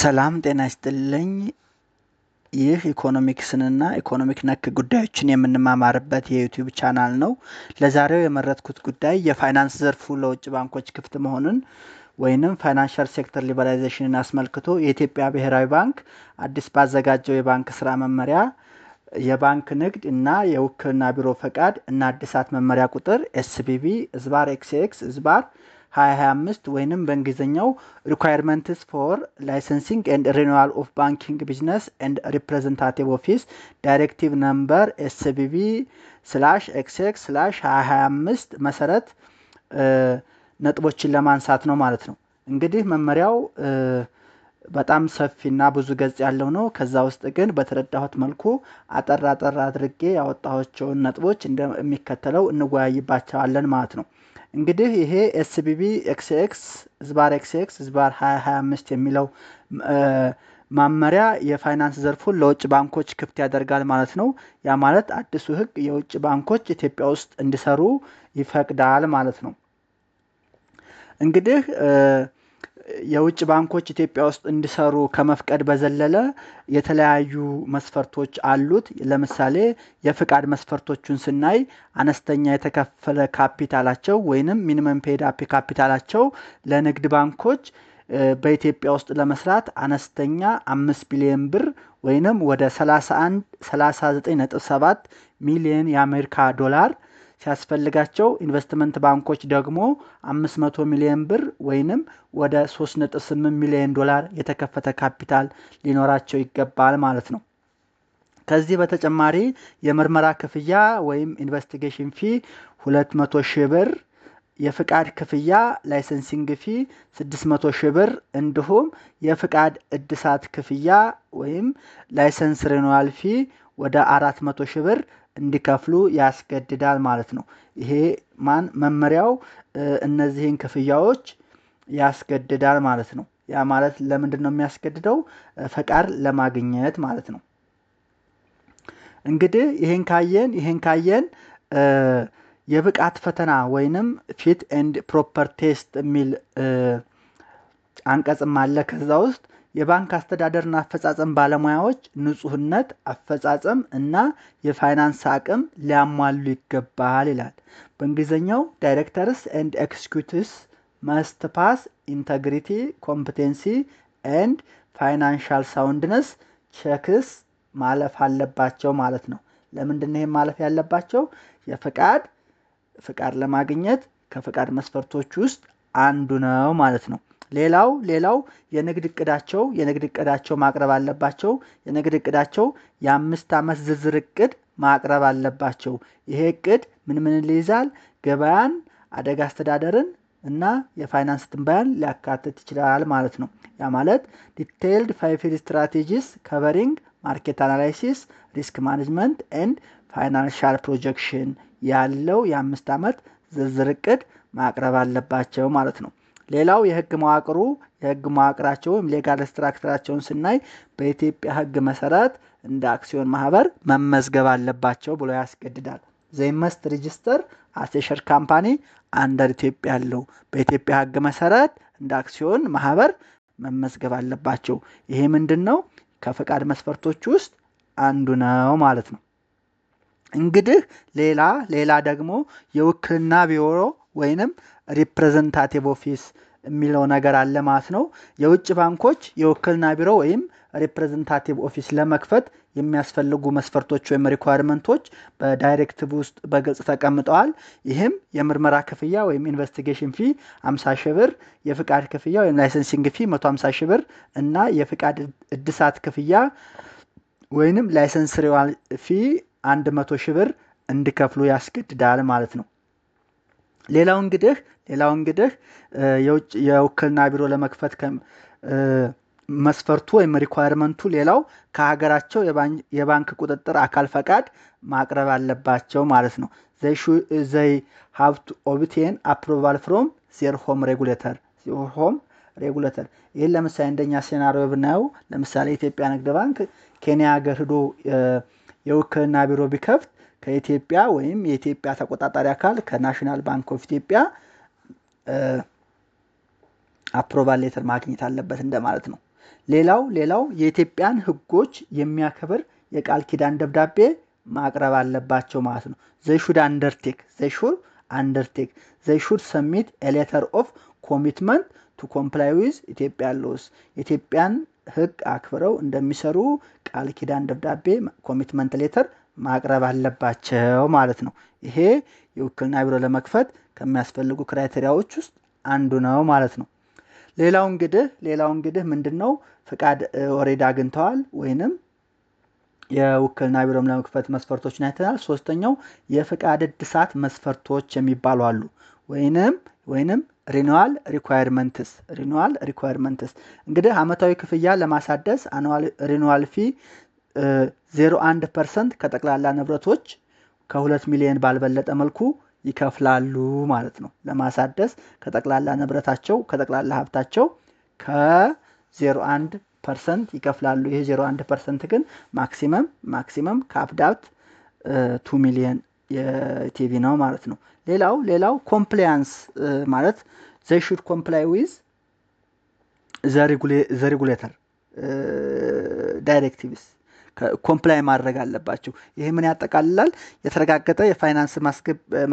ሰላም ጤና ይስጥልኝ። ይህ ኢኮኖሚክስንና ኢኮኖሚክ ነክ ጉዳዮችን የምንማማርበት የዩቲዩብ ቻናል ነው። ለዛሬው የመረጥኩት ጉዳይ የፋይናንስ ዘርፉ ለውጭ ባንኮች ክፍት መሆኑን ወይንም ፋይናንሻል ሴክተር ሊበራይዜሽንን አስመልክቶ የኢትዮጵያ ብሔራዊ ባንክ አዲስ ባዘጋጀው የባንክ ስራ መመሪያ የባንክ ንግድ እና የውክልና ቢሮ ፈቃድ እና አዲሳት መመሪያ ቁጥር ኤስቢቢ ዝባር ኤክስኤክስ ዝባር 2025 ወይንም በእንግሊዝኛው ሪኳየርመንትስ ፎር ላይሰንሲንግ ኤንድ ሪኒዋል ኦፍ ባንኪንግ ቢዝነስ ኤንድ ሪፕሬዘንታቲቭ ኦፊስ ዳይሬክቲቭ ነምበር ኤስቢቢ ስላሽ ኤክስኤክስ ስላሽ 2025 መሰረት ነጥቦችን ለማንሳት ነው ማለት ነው። እንግዲህ መመሪያው በጣም ሰፊና ብዙ ገጽ ያለው ነው። ከዛ ውስጥ ግን በተረዳሁት መልኩ አጠር አጠር አድርጌ ያወጣኋቸውን ነጥቦች እንደሚከተለው እንወያይባቸዋለን ማለት ነው። እንግዲህ ይሄ ኤስቢቢ ኤክስኤክስ ዝባር ኤክስኤክስ ዝባር 2025 የሚለው ማመሪያ የፋይናንስ ዘርፉን ለውጭ ባንኮች ክፍት ያደርጋል ማለት ነው። ያ ማለት አዲሱ ህግ የውጭ ባንኮች ኢትዮጵያ ውስጥ እንዲሰሩ ይፈቅዳል ማለት ነው። እንግዲህ የውጭ ባንኮች ኢትዮጵያ ውስጥ እንዲሰሩ ከመፍቀድ በዘለለ የተለያዩ መስፈርቶች አሉት። ለምሳሌ የፍቃድ መስፈርቶቹን ስናይ አነስተኛ የተከፈለ ካፒታላቸው ወይንም ሚኒመም ፔዳፕ ካፒታላቸው ለንግድ ባንኮች በኢትዮጵያ ውስጥ ለመስራት አነስተኛ አምስት ቢሊዮን ብር ወይንም ወደ 31 39.7 ሚሊዮን የአሜሪካ ዶላር ሲያስፈልጋቸው ኢንቨስትመንት ባንኮች ደግሞ 500 ሚሊዮን ብር ወይንም ወደ 3.8 ሚሊዮን ዶላር የተከፈተ ካፒታል ሊኖራቸው ይገባል ማለት ነው። ከዚህ በተጨማሪ የምርመራ ክፍያ ወይም ኢንቨስቲጌሽን ፊ 200 ሺህ ብር፣ የፍቃድ ክፍያ ላይሰንሲንግ ፊ 600 ሺህ ብር እንዲሁም የፍቃድ እድሳት ክፍያ ወይም ላይሰንስ ሬኑዋል ፊ ወደ 400 ሺህ ብር እንዲከፍሉ ያስገድዳል ማለት ነው። ይሄ ማን መመሪያው እነዚህን ክፍያዎች ያስገድዳል ማለት ነው። ያ ማለት ለምንድን ነው የሚያስገድደው? ፈቃድ ለማግኘት ማለት ነው። እንግዲህ ይህን ካየን ይህን ካየን የብቃት ፈተና ወይንም ፊት ኤንድ ፕሮፐር ቴስት የሚል አንቀጽም አለ ከዛ ውስጥ የባንክ አስተዳደርና አፈጻጸም ባለሙያዎች ንፁህነት አፈጻጸም እና የፋይናንስ አቅም ሊያሟሉ ይገባል ይላል። በእንግሊዝኛው ዳይሬክተርስ ኤንድ ኤክስኪዩቲቭስ መስት ፓስ ኢንተግሪቲ ኮምፕቴንሲ ኤንድ ፋይናንሻል ሳውንድነስ ቼክስ ማለፍ አለባቸው ማለት ነው። ለምንድን ነው ይህም ማለፍ ያለባቸው? የፍቃድ ፍቃድ ለማግኘት ከፍቃድ መስፈርቶች ውስጥ አንዱ ነው ማለት ነው። ሌላው ሌላው የንግድ እቅዳቸው የንግድ እቅዳቸው ማቅረብ አለባቸው የንግድ እቅዳቸው የአምስት ዓመት ዝርዝር እቅድ ማቅረብ አለባቸው። ይሄ እቅድ ምን ምን ይይዛል? ገበያን አደጋ አስተዳደርን እና የፋይናንስ ትንበያን ሊያካትት ይችላል ማለት ነው። ያ ማለት ዲቴይልድ ፋይፊል ስትራቴጂስ ከቨሪንግ ማርኬት አናላይሲስ ሪስክ ማኔጅመንት ኤንድ ፋይናንሻል ፕሮጀክሽን ያለው የአምስት ዓመት ዝርዝር እቅድ ማቅረብ አለባቸው ማለት ነው ሌላው የህግ መዋቅሩ የህግ መዋቅራቸው ወይም ሌጋል ስትራክቸራቸውን ስናይ በኢትዮጵያ ህግ መሰረት እንደ አክሲዮን ማህበር መመዝገብ አለባቸው ብሎ ያስገድዳል። ዘይመስት ሬጅስተር አሴሸር ካምፓኒ አንደር ኢትዮጵያ ያለው በኢትዮጵያ ህግ መሰረት እንደ አክሲዮን ማህበር መመዝገብ አለባቸው። ይሄ ምንድን ነው? ከፈቃድ መስፈርቶች ውስጥ አንዱ ነው ማለት ነው። እንግዲህ ሌላ ሌላ ደግሞ የውክልና ቢሮ ወይንም ሪፕሬዘንታቲቭ ኦፊስ የሚለው ነገር አለ ማለት ነው። የውጭ ባንኮች የውክልና ቢሮ ወይም ሪፕሬዘንታቲቭ ኦፊስ ለመክፈት የሚያስፈልጉ መስፈርቶች ወይም ሪኳርመንቶች በዳይሬክቲቭ ውስጥ በግልጽ ተቀምጠዋል። ይህም የምርመራ ክፍያ ወይም ኢንቨስቲጌሽን ፊ 50 ሺህ ብር፣ የፍቃድ ክፍያ ወይም ላይሰንሲንግ ፊ 150 ሺህ ብር እና የፍቃድ እድሳት ክፍያ ወይንም ላይሰንስ ሪዋል ፊ 100 ሺህ ብር እንዲከፍሉ ያስገድዳል ማለት ነው። ሌላው እንግዲህ ሌላው እንግዲህ የውክልና ቢሮ ለመክፈት መስፈርቱ ወይም ሪኳየርመንቱ ሌላው ከሀገራቸው የባንክ ቁጥጥር አካል ፈቃድ ማቅረብ አለባቸው ማለት ነው። ዘይ ሀብት ኦብቴን አፕሮቫል ፍሮም ዜር ሆም ሬጉሌተር ሆም ሬጉሌተር። ይህን ለምሳሌ እንደኛ ሴናሪዮ ብናየው ለምሳሌ የኢትዮጵያ ንግድ ባንክ ኬንያ ሀገር ሂዶ የውክልና ቢሮ ቢከፍት ከኢትዮጵያ ወይም የኢትዮጵያ ተቆጣጣሪ አካል ከናሽናል ባንክ ኦፍ ኢትዮጵያ አፕሮቫል ሌተር ማግኘት አለበት እንደማለት ነው። ሌላው ሌላው የኢትዮጵያን ሕጎች የሚያከብር የቃል ኪዳን ደብዳቤ ማቅረብ አለባቸው ማለት ነው። ዘሹድ አንደርቴክ ዘሹድ አንደርቴክ ዘሹድ ሰሚት ኤሌተር ኦፍ ኮሚትመንት ቱ ኮምፕላይ ዊዝ ኢትዮጵያ ሎስ የኢትዮጵያን ሕግ አክብረው እንደሚሰሩ ቃል ኪዳን ደብዳቤ ኮሚትመንት ሌተር ማቅረብ አለባቸው ማለት ነው። ይሄ የውክልና ቢሮ ለመክፈት ከሚያስፈልጉ ክራይቴሪያዎች ውስጥ አንዱ ነው ማለት ነው። ሌላው እንግዲህ ሌላው እንግዲህ ምንድን ነው ፍቃድ ኦሬዲ አግኝተዋል ወይንም የውክልና ቢሮም ለመክፈት መስፈርቶችን አይተናል። ሶስተኛው የፍቃድ እድሳት መስፈርቶች የሚባሉ አሉ። ወይንም ወይንም ሪኒዋል ሪኳርመንትስ ሪኒዋል ሪኳርመንትስ እንግዲህ አመታዊ ክፍያ ለማሳደስ አኑዋል ሪኒዋል ፊ 0.1 ፐርሰንት ከጠቅላላ ንብረቶች ከሁለት ሚሊዮን ባልበለጠ መልኩ ይከፍላሉ ማለት ነው። ለማሳደስ ከጠቅላላ ንብረታቸው ከጠቅላላ ሀብታቸው ከ0.1 ፐርሰንት ይከፍላሉ። ይህ 0.1 ፐርሰንት ግን ማክሲመም ማክሲመም ከአፕዳፕት ቱ ሚሊየን የቲቪ ነው ማለት ነው። ሌላው ሌላው ኮምፕላያንስ ማለት ዘይ ሹድ ኮምፕላይ ዊዝ ዘ ሬጉሌተር ዳይሬክቲቭስ ኮምፕላይ ማድረግ አለባቸው። ይህ ምን ያጠቃልላል? የተረጋገጠ የፋይናንስ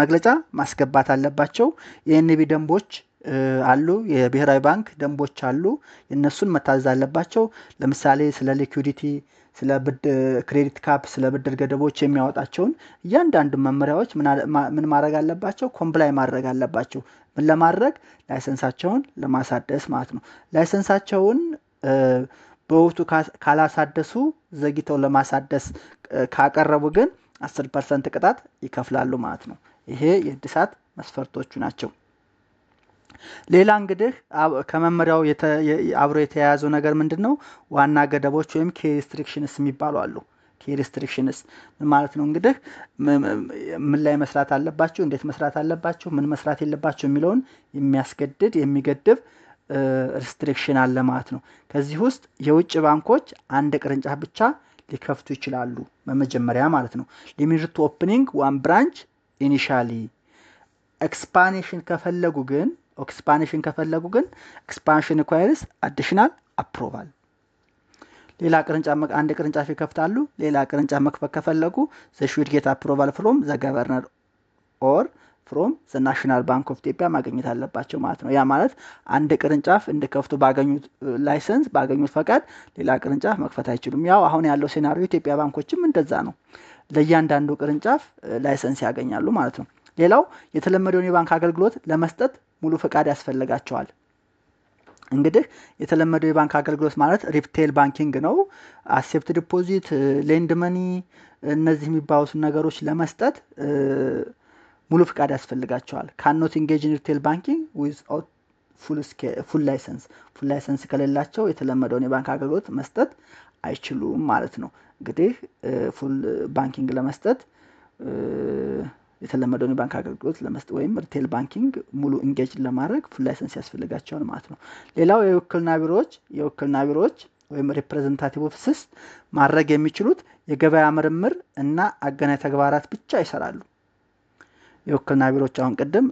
መግለጫ ማስገባት አለባቸው። የኤንቢ ደንቦች አሉ፣ የብሔራዊ ባንክ ደንቦች አሉ። እነሱን መታዘዝ አለባቸው። ለምሳሌ ስለ ሊኩዲቲ፣ ስለ ክሬዲት ካፕ፣ ስለ ብድር ገደቦች የሚያወጣቸውን እያንዳንዱ መመሪያዎች ምን ማድረግ አለባቸው? ኮምፕላይ ማድረግ አለባቸው። ምን ለማድረግ ላይሰንሳቸውን ለማሳደስ ማለት ነው። ላይሰንሳቸውን በወቅቱ ካላሳደሱ ዘግተው ለማሳደስ ካቀረቡ ግን 10 ፐርሰንት ቅጣት ይከፍላሉ ማለት ነው። ይሄ የእድሳት መስፈርቶቹ ናቸው። ሌላ እንግዲህ ከመመሪያው አብሮ የተያያዘው ነገር ምንድን ነው? ዋና ገደቦች ወይም ኬ ሪስትሪክሽንስ የሚባሉ አሉ። ኬ ሪስትሪክሽንስ ምን ማለት ነው? እንግዲህ ምን ላይ መስራት አለባችሁ፣ እንዴት መስራት አለባችሁ፣ ምን መስራት የለባችሁ የሚለውን የሚያስገድድ የሚገድብ ሪስትሪክሽን አለ ማለት ነው። ከዚህ ውስጥ የውጭ ባንኮች አንድ ቅርንጫፍ ብቻ ሊከፍቱ ይችላሉ በመጀመሪያ ማለት ነው። ሊሚትድ ኦፕኒንግ ዋን ብራንች ኢኒሻሊ ኤክስፓንሽን ከፈለጉ ግን ኤክስፓንሽን ከፈለጉ ግን ኤክስፓንሽን ሪኳየርስ አዲሽናል አፕሮቫል ሌላ ቅርንጫፍ አንድ ቅርንጫፍ ይከፍታሉ። ሌላ ቅርንጫፍ መክፈት ከፈለጉ ዘ ሹድ ጌት አፕሮቫል ፍሮም ዘ ገቨርነር ኦር ፍሮም ዘ ናሽናል ባንክ ኦፍ ኢትዮጵያ ማግኘት አለባቸው ማለት ነው። ያ ማለት አንድ ቅርንጫፍ ከፍቶ ባገኙት ላይሰንስ ባገኙት ፈቃድ ሌላ ቅርንጫፍ መክፈት አይችሉም። ያው አሁን ያለው ሴናሪዮ ኢትዮጵያ ባንኮችም እንደዛ ነው። ለእያንዳንዱ ቅርንጫፍ ላይሰንስ ያገኛሉ ማለት ነው። ሌላው የተለመደውን የባንክ አገልግሎት ለመስጠት ሙሉ ፈቃድ ያስፈልጋቸዋል። እንግዲህ የተለመደው የባንክ አገልግሎት ማለት ሪፕቴል ባንኪንግ ነው። አሴፕት ዲፖዚት፣ ሌንድ መኒ እነዚህ የሚባሉትን ነገሮች ለመስጠት ሙሉ ፍቃድ ያስፈልጋቸዋል። ካኖት ኢንጌጅ ኢን ሪቴል ባንኪንግ ፉል ላይሰንስ። ፉል ላይሰንስ ከሌላቸው የተለመደውን የባንክ አገልግሎት መስጠት አይችሉም ማለት ነው። እንግዲህ ፉል ባንኪንግ ለመስጠት የተለመደውን የባንክ አገልግሎት ለመስጠት ወይም ሪቴል ባንኪንግ ሙሉ እንጌጅ ለማድረግ ፉል ላይሰንስ ያስፈልጋቸዋል ማለት ነው። ሌላው የውክልና ቢሮዎች የውክልና ቢሮዎች ወይም ሪፕሬዘንታቲቭ ኦፊስስ ማድረግ የሚችሉት የገበያ ምርምር እና አገናኝ ተግባራት ብቻ ይሰራሉ። የውክልና ቢሮዎች አሁን ቅድም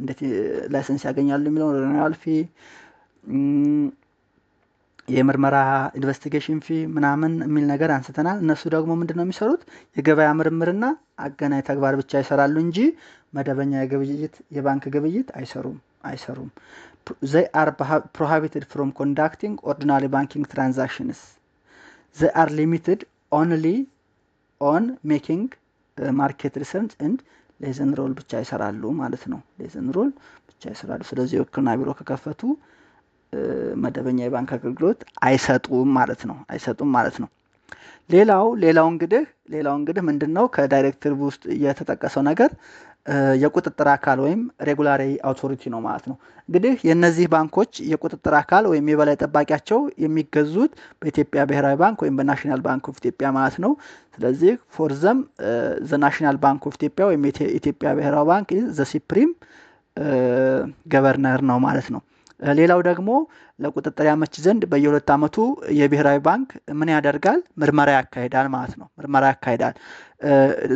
እንዴት ላይሰንስ ያገኛሉ የሚለውን ሪኒዋል ፊ የምርመራ ኢንቨስቲጌሽን ፊ ምናምን የሚል ነገር አንስተናል። እነሱ ደግሞ ምንድን ነው የሚሰሩት? የገበያ ምርምርና አገናኝ ተግባር ብቻ ይሰራሉ እንጂ መደበኛ የግብይት የባንክ ግብይት አይሰሩም አይሰሩም። ዘይ አር ፕሮሃቢትድ ፍሮም ኮንዳክቲንግ ኦርዲናሪ ባንኪንግ ትራንዛክሽንስ ዘይ አር ሊሚትድ ኦንሊ ኦን ሜኪንግ ማርኬት ሪሰርች ኤንድ ሌዘን ሮል ብቻ ይሰራሉ ማለት ነው። ሌዘን ሮል ብቻ ይሰራሉ። ስለዚህ የውክልና ቢሮ ከከፈቱ መደበኛ የባንክ አገልግሎት አይሰጡም ማለት ነው። አይሰጡም ማለት ነው። ሌላው ሌላው እንግዲህ ሌላው እንግዲህ ምንድን ነው ከዳይሬክቲቭ ውስጥ የተጠቀሰው ነገር የቁጥጥር አካል ወይም ሬጉላሪ አውቶሪቲ ነው ማለት ነው። እንግዲህ የእነዚህ ባንኮች የቁጥጥር አካል ወይም የበላይ ጠባቂያቸው የሚገዙት በኢትዮጵያ ብሔራዊ ባንክ ወይም በናሽናል ባንክ ኦፍ ኢትዮጵያ ማለት ነው። ስለዚህ ፎር ዘም ዘ ናሽናል ባንክ ኦፍ ኢትዮጵያ ወይም የኢትዮጵያ ብሔራዊ ባንክ ዘ ሲፕሪም ገቨርነር ነው ማለት ነው። ሌላው ደግሞ ለቁጥጥር ያመች ዘንድ በየሁለት ዓመቱ የብሔራዊ ባንክ ምን ያደርጋል? ምርመራ ያካሄዳል ማለት ነው። ምርመራ ያካሄዳል።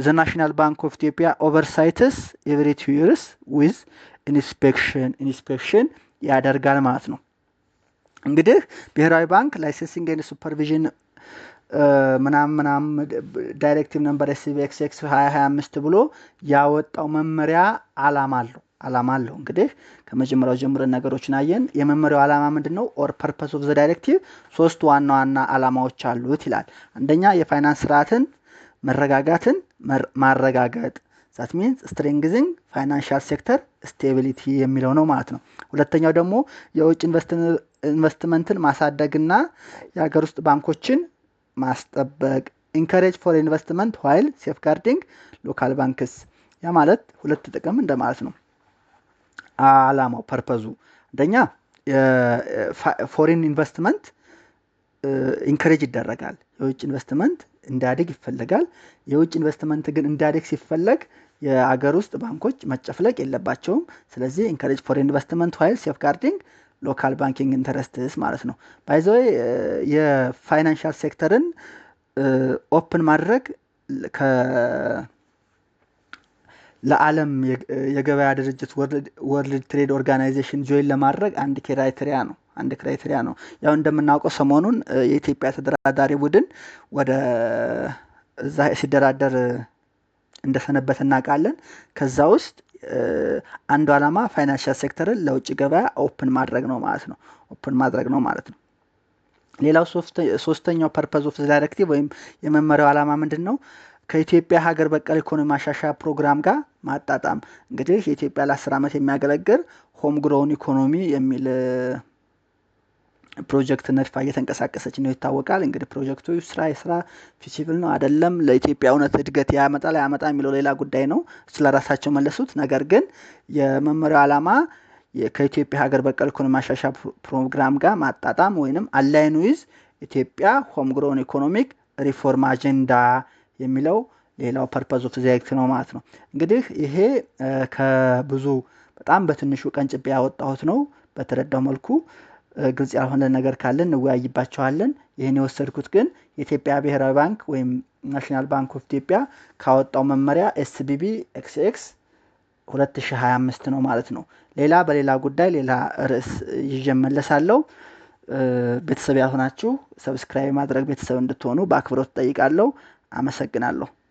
ዘ ናሽናል ባንክ ኦፍ ኢትዮጵያ ኦቨርሳይትስ ኤቭሪ ቱ ይርስ ዊዝ ኢንስፔክሽን ኢንስፔክሽን ያደርጋል ማለት ነው። እንግዲህ ብሔራዊ ባንክ ላይሰንሲንግ ኤንድ ሱፐርቪዥን ምናም ምናም ዳይሬክቲቭ ነምበር ኤስቢኤክስኤክስ 2025 ብሎ ያወጣው መመሪያ አላማ አለው። አላማ አለው። እንግዲህ ከመጀመሪያው ጀምረን ነገሮችን አየን። የመመሪያው አላማ ምንድን ነው? ኦር ፐርፐስ ኦፍ ዘ ዳይሬክቲቭ ሶስት ዋና ዋና አላማዎች አሉት ይላል። አንደኛ የፋይናንስ ስርዓትን መረጋጋትን ማረጋገጥ ዛት ሚንስ ስትሬንግዝንግ ፋይናንሻል ሴክተር ስቴቢሊቲ የሚለው ነው ማለት ነው። ሁለተኛው ደግሞ የውጭ ኢንቨስትመንትን ማሳደግና የሀገር ውስጥ ባንኮችን ማስጠበቅ ኢንካሬጅ ፎር ኢንቨስትመንት ዋይል ሴፍጋርዲንግ ሎካል ባንክስ ያ ማለት ሁለት ጥቅም እንደማለት ነው። አላማው ፐርፐዙ አንደኛ ፎሪን ኢንቨስትመንት ኢንከሬጅ ይደረጋል። የውጭ ኢንቨስትመንት እንዲያድግ ይፈለጋል። የውጭ ኢንቨስትመንት ግን እንዲያድግ ሲፈለግ የአገር ውስጥ ባንኮች መጨፍለቅ የለባቸውም። ስለዚህ ኢንከሬጅ ፎሪን ኢንቨስትመንት ዋይል ሴፍ ጋርዲንግ ሎካል ባንኪንግ ኢንተረስትስ ማለት ነው። ባይዘወይ የፋይናንሻል ሴክተርን ኦፕን ማድረግ ለዓለም የገበያ ድርጅት ወርልድ ትሬድ ኦርጋናይዜሽን ጆይን ለማድረግ አንድ ክራይቴሪያ ነው አንድ ክራይቴሪያ ነው። ያው እንደምናውቀው ሰሞኑን የኢትዮጵያ ተደራዳሪ ቡድን ወደ እዛ ሲደራደር እንደሰነበት እናውቃለን። ከዛ ውስጥ አንዱ ዓላማ ፋይናንሻል ሴክተርን ለውጭ ገበያ ኦፕን ማድረግ ነው ማለት ነው። ኦፕን ማድረግ ነው ማለት ነው። ሌላው ሶስተኛው ፐርፐዝ ኦፍ ዳይሬክቲቭ ወይም የመመሪያው ዓላማ ምንድን ነው? ከኢትዮጵያ ሀገር በቀል ኢኮኖሚ ማሻሻያ ፕሮግራም ጋር ማጣጣም እንግዲህ የኢትዮጵያ ለአስር ዓመት የሚያገለግል ሆም ግሮውን ኢኮኖሚ የሚል ፕሮጀክት ነድፋ እየተንቀሳቀሰች ነው ይታወቃል። እንግዲህ ፕሮጀክቱ ስራ የስራ ፊሲብል ነው አይደለም፣ ለኢትዮጵያ እውነት እድገት ያመጣል ያመጣ የሚለው ሌላ ጉዳይ ነው። ስለ ራሳቸው መለሱት። ነገር ግን የመመሪያው ዓላማ ከኢትዮጵያ ሀገር በቀል ኢኮኖሚ ማሻሻያ ፕሮግራም ጋር ማጣጣም ወይንም አላይን ዊዝ ኢትዮጵያ ሆም ግሮውን ኢኮኖሚክ ሪፎርም አጀንዳ የሚለው ሌላው ፐርፐዝ ኦፍ ዚያክት ነው ማለት ነው። እንግዲህ ይሄ ከብዙ በጣም በትንሹ ቀንጭቤ ያወጣሁት ነው። በተረዳው መልኩ ግልጽ ያልሆነ ነገር ካለን እንወያይባቸዋለን። ይህን የወሰድኩት ግን የኢትዮጵያ ብሔራዊ ባንክ ወይም ናሽናል ባንክ ኦፍ ኢትዮጵያ ካወጣው መመሪያ ኤስቢቢ ኤክስኤክስ 2025 ነው ማለት ነው። ሌላ በሌላ ጉዳይ ሌላ ርዕስ ይዤ ቤተሰብ ያልሆናችሁ ሰብስክራይብ ማድረግ ቤተሰብ እንድትሆኑ በአክብሮት ጠይቃለሁ። Vamos a cercarlo.